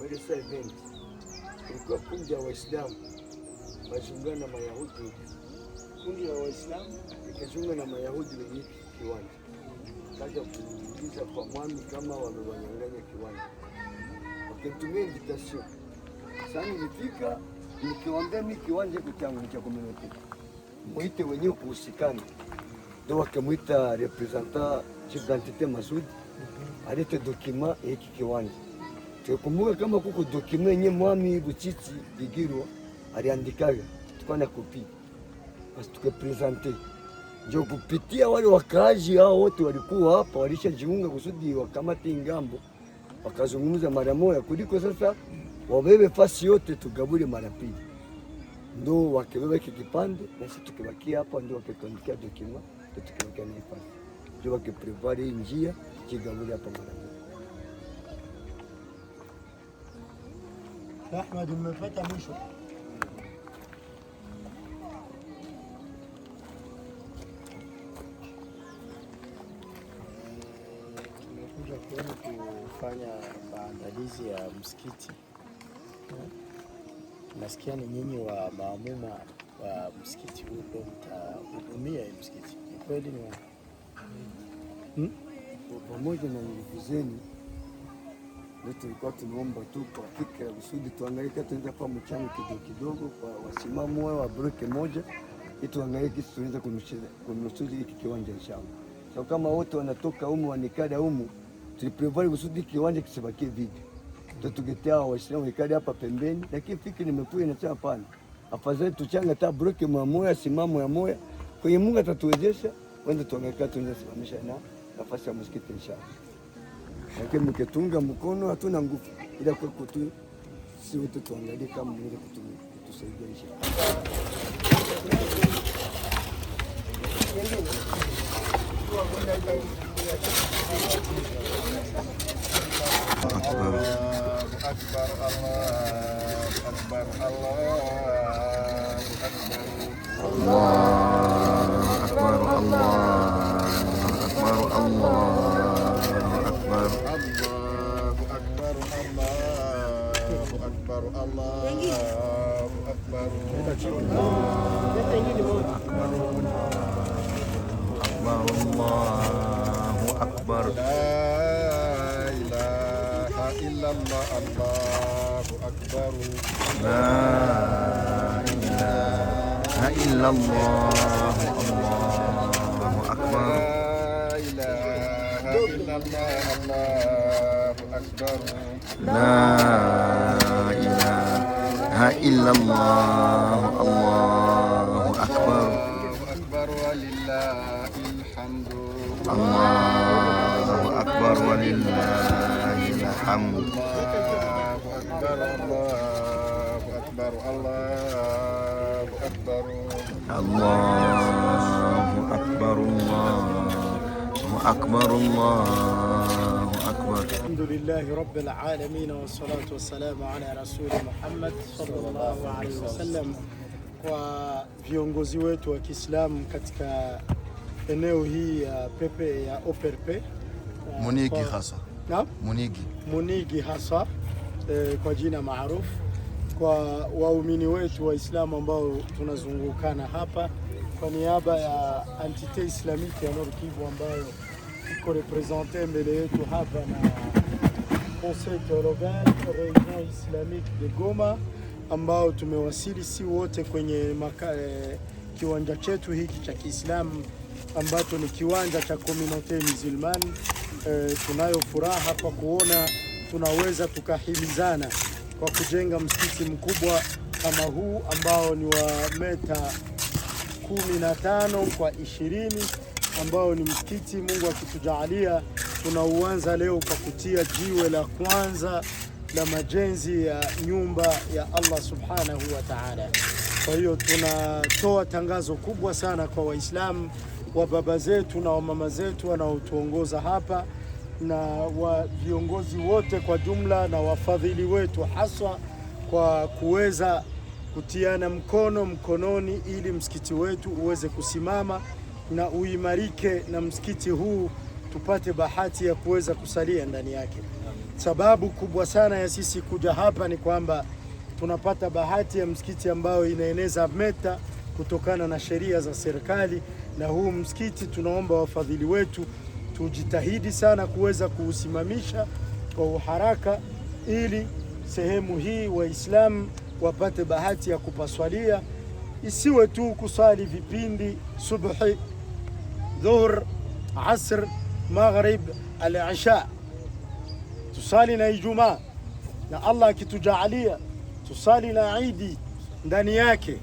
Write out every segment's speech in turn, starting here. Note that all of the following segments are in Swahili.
Maeleza event ilikuwa kundi ya Waislamu wazungana na Mayahudi, kundi la Waislamu ikazunga na Mayahudi wenye kiwanja, kaja kuuliza kwa mwami kama wamewanyang'anya kiwanja, wakitumia invitation. Sasa nilifika nikiwaambia mimi kiwanja iko changu cha community, mwite wenyewe kuhusikana, ndio wakamwita representant chief d'identite Masudi alete dokima hiki kiwanja tukumbuka kama kuko document yenye mwami Buchichi Bigirwa aliandikaga tukana kopi basi tukapresente, ndio kupitia wale wakazi hao wote walikuwa hapa walishajiunga kusudi wakamate ngambo wakazungumza mara moja, kuliko sasa wabebe fasi yote tugabule mara pili, ndo wakibeba hiki kipande na sisi tukibakia hapa, ndo wakatuandikia document tukibakia na hii ndio wakiprepare njia kigabule hapa mara pili Ahmad, mmepata mwisho. Tumekuja kwenu kufanya maandalizi ya msikiti. Nasikia ni nyinyi wa maamuma wa msikiti huu ndio mtahudumia hii msikiti, ni kweli? Ni pamoja na nguvu zenu ndio tulikuwa tunaomba tu kwa fikra ya kusudi tuangaike, tuende kwa mchango kidogo kidogo, kwa wasimamu wao wa bloki moja, ili tuangaike tuweze kunusuru hiki kiwanja inshallah. So kama wote wanatoka humu wanikada humu, tuliprevari kusudi kiwanja kisibaki vipi, ndio tugetea waislamu nikada hapa pembeni, lakini fiki nimekuja inasema hapana, afadhali tuchanga hata bloki moja simamu ya moja kwenye Mungu atatuwezesha, wende tuangaika tuende simamisha na nafasi ya msikiti inshallah lakini mkitunga mkono hatuna nguvu, ila kwa kutu si tu tuangalie kama mwili kutu kutusaidia Allah. Akbar Allahu Akbar Akbar Allahu Akbar La ilaha illallah Allahu Akbar La ilaha illallah Allahu Akbar La Allahu Akbar لا ilaha illallah Allahu akbar Allahu akbar walillahil hamd Allahu akbar Allahu akbar Allahu akbar Allahu akbar Allahu akbar Allahu akbar akbar. Alhamdulillahi rabbil alamin wassalatu wassalamu ala rasuli Muhammad sallallahu alaihi wasallam. Kwa viongozi wetu wa Kiislamu katika eneo hii ya pepe ya OPRP eh, Munigi hasa na? Munigi. Munigi hasa eh, kwa jina maarufu kwa waumini wetu Waislamu ambao tunazungukana hapa, kwa niaba ya Entite islamiki ya Nord Kivu ambayo iko represente mbele yetu hapa na Conseil Theologal Reunion Islamique de Goma, ambao tumewasili si wote kwenye maka, eh, kiwanja chetu hiki cha Kiislamu ambacho ni kiwanja cha Communauté Musulmane. Eh, tunayo furaha hapa kuona tunaweza tukahimizana kwa kujenga msikiti mkubwa kama huu ambao ni wa meta 15 kwa ishirini ambao ni msikiti. Mungu akitujaalia, tunauanza leo kwa kutia jiwe la kwanza la majenzi ya nyumba ya Allah subhanahu wa ta'ala. Kwa hiyo tunatoa tangazo kubwa sana kwa Waislamu wa baba zetu na wamama zetu wanaotuongoza hapa na wa viongozi wote kwa jumla na wafadhili wetu haswa kwa kuweza kutiana mkono mkononi ili msikiti wetu uweze kusimama na uimarike na msikiti huu tupate bahati ya kuweza kusalia ndani yake. Sababu kubwa sana ya sisi kuja hapa ni kwamba tunapata bahati ya msikiti ambayo inaeneza meta kutokana na sheria za serikali, na huu msikiti tunaomba wafadhili wetu tujitahidi sana kuweza kuusimamisha kwa uharaka, ili sehemu hii Waislamu wapate bahati ya kupaswalia, isiwe tu kusali vipindi subhi dhuhur, asr, maghrib, al-isha. Tusali na Ijumaa na Allah akitujaalia tusali na Idi ndani yake,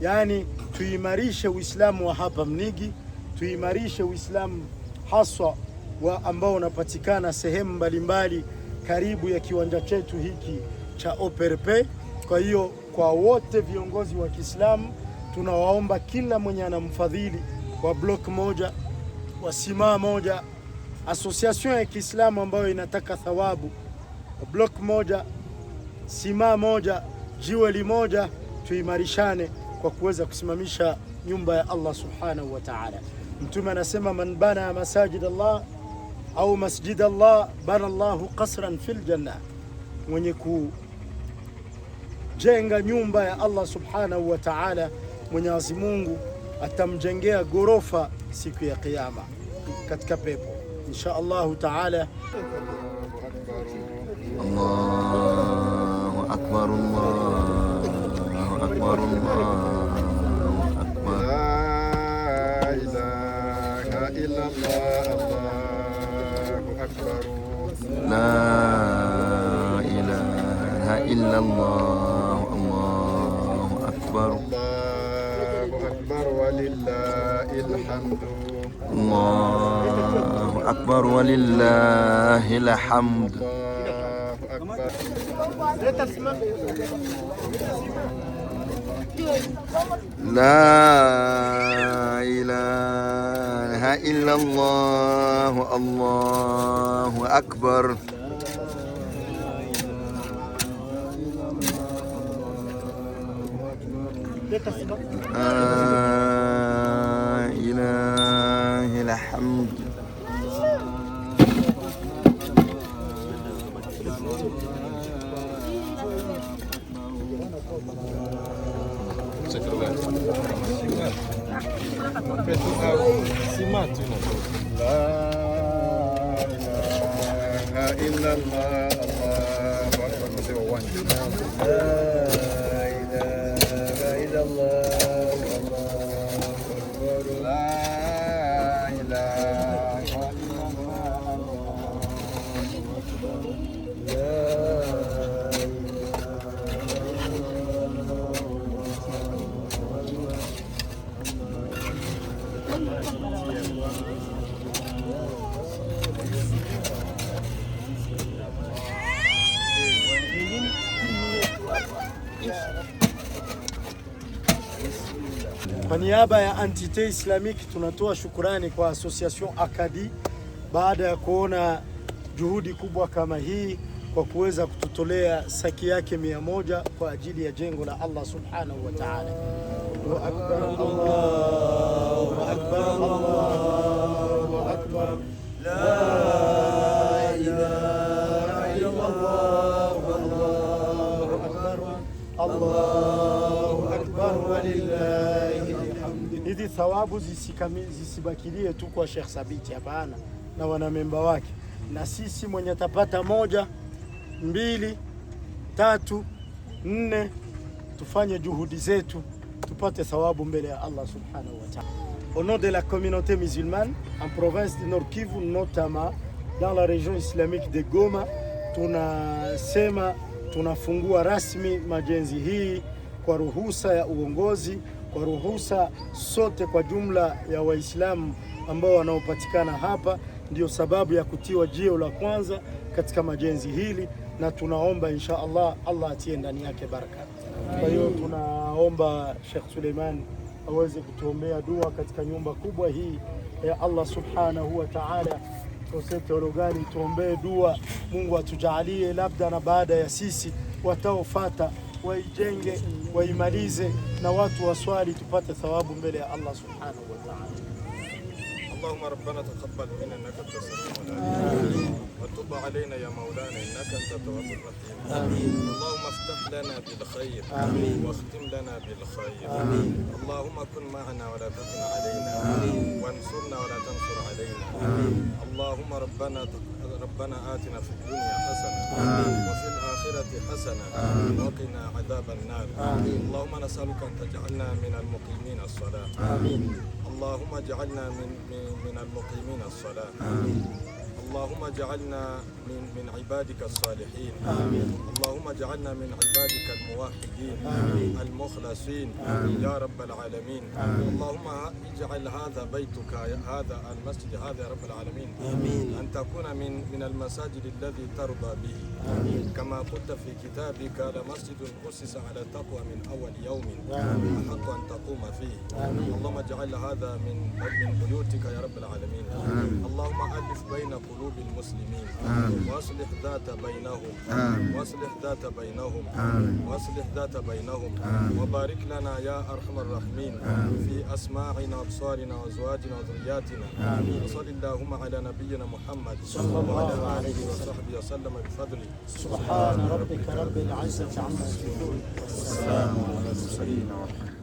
yani tuimarishe Uislamu wa hapa Mnigi, tuimarishe Uislamu haswa wa ambao unapatikana sehemu mbalimbali karibu ya kiwanja chetu hiki cha Operpe. Kwa hiyo kwa wote viongozi wa Kiislamu tunawaomba kila mwenye anamfadhili kwa block moja kwa simaa moja, association ya Kiislamu ambayo inataka thawabu, block moja, simaa moja, jiwe limoja, tuimarishane kwa kuweza kusimamisha nyumba ya Allah subhanahu wa ta'ala. Mtume anasema man bana masajid Allah au masjid Allah bana Allahu qasran fil janna, mwenye kujenga nyumba ya Allah subhanahu wa ta'ala, Mwenyezi Mungu atamjengea ghorofa siku ya Kiyama katika pepo insha Allahu taala. Allahu akbar, Allahu akbar, Allahu akbar, la ilaha illa Allah. الله أكبر ولله الحمد الله أكبر لا إله إلا الله الله أكبر لا آه. Kwa niaba ya Entite Islamique tunatoa shukurani kwa Association Akadi baada ya kuona juhudi kubwa kama hii kwa kuweza kututolea saki yake mia moja kwa ajili ya jengo la Allah subhanahu wa ta'ala. Allahu akbar, Allahu akbar, Allahu akbar, la ilaha Allahu akbar, Allahu akbar, walillahi Hizi thawabu zisibakilie tu kwa Sheikh Sabiti, hapana, na wanamemba wake, na sisi mwenye tapata moja mbili, tatu, nne, tufanye juhudi zetu tupate thawabu mbele ya Allah subhanahu wa ta'ala. Au nom de la communauté musulmane en province du Nord Kivu, notamment dans la région islamique de Goma, tunasema tunafungua rasmi majenzi hii kwa ruhusa ya uongozi, kwa ruhusa sote kwa jumla ya Waislamu ambao wanaopatikana hapa. Ndio sababu ya kutiwa jio la kwanza katika majenzi hili na tunaomba insha Allah Allah atie ndani yake baraka. Kwa hiyo tunaomba Sheikh Suleiman aweze kutuombea dua katika nyumba kubwa hii ya Allah subhanahu wa ta'ala, tosetorogani tuombee dua, Mungu atujaalie labda na baada ya sisi wataofata waijenge waimalize, na watu waswali tupate thawabu mbele ya Allah subhanahu wa ta'ala. اللهم ربنا تقبل منا انك انت السميع وتب علينا يا مولانا انك انت التواب الرحيم امين اللهم افتح لنا بالخير امين واختم لنا بالخير امين اللهم كن معنا ولا تكن علينا امين وانصرنا ولا تنصر علينا امين اللهم ربنا ربنا اتنا في الدنيا حسنه امين وفي الآخرة حسنة امين وقنا عذاب النار آمين. اللهم نسألك أن تجعلنا من المقيمين الصلاة آمين اللهم اجعلنا من من, من المقيمين الصلاة آمين اللهم اجعلنا من من عبادك الصالحين آمين اللهم اجعلنا من عبادك الموحدين آمين المخلصين آمين يا رب العالمين آمين اللهم اجعل هذا بيتك هذا المسجد هذا يا رب العالمين آمين أن تكون من من المساجد الذي ترضى به آمين كما قلت في كتابك لمسجد أسس على التقوى من أول يوم آمين أحق أن تقوم فيه آمين اللهم اجعل هذا من من بيوتك يا رب العالمين آمين اللهم ألف بين قلوبنا قلوب المسلمين آمين واصلح ذات بينهم آمين واصلح ذات بينهم آمين واصلح ذات بينهم آمين وبارك لنا يا أرحم الراحمين في أسماعنا وأبصارنا وأزواجنا وذرياتنا آمين وصل اللهم على نبينا محمد صلى الله عليه وصحبه وسلم بفضله سبحان ربك رب العزة عما يصفون والسلام على المرسلين والحمد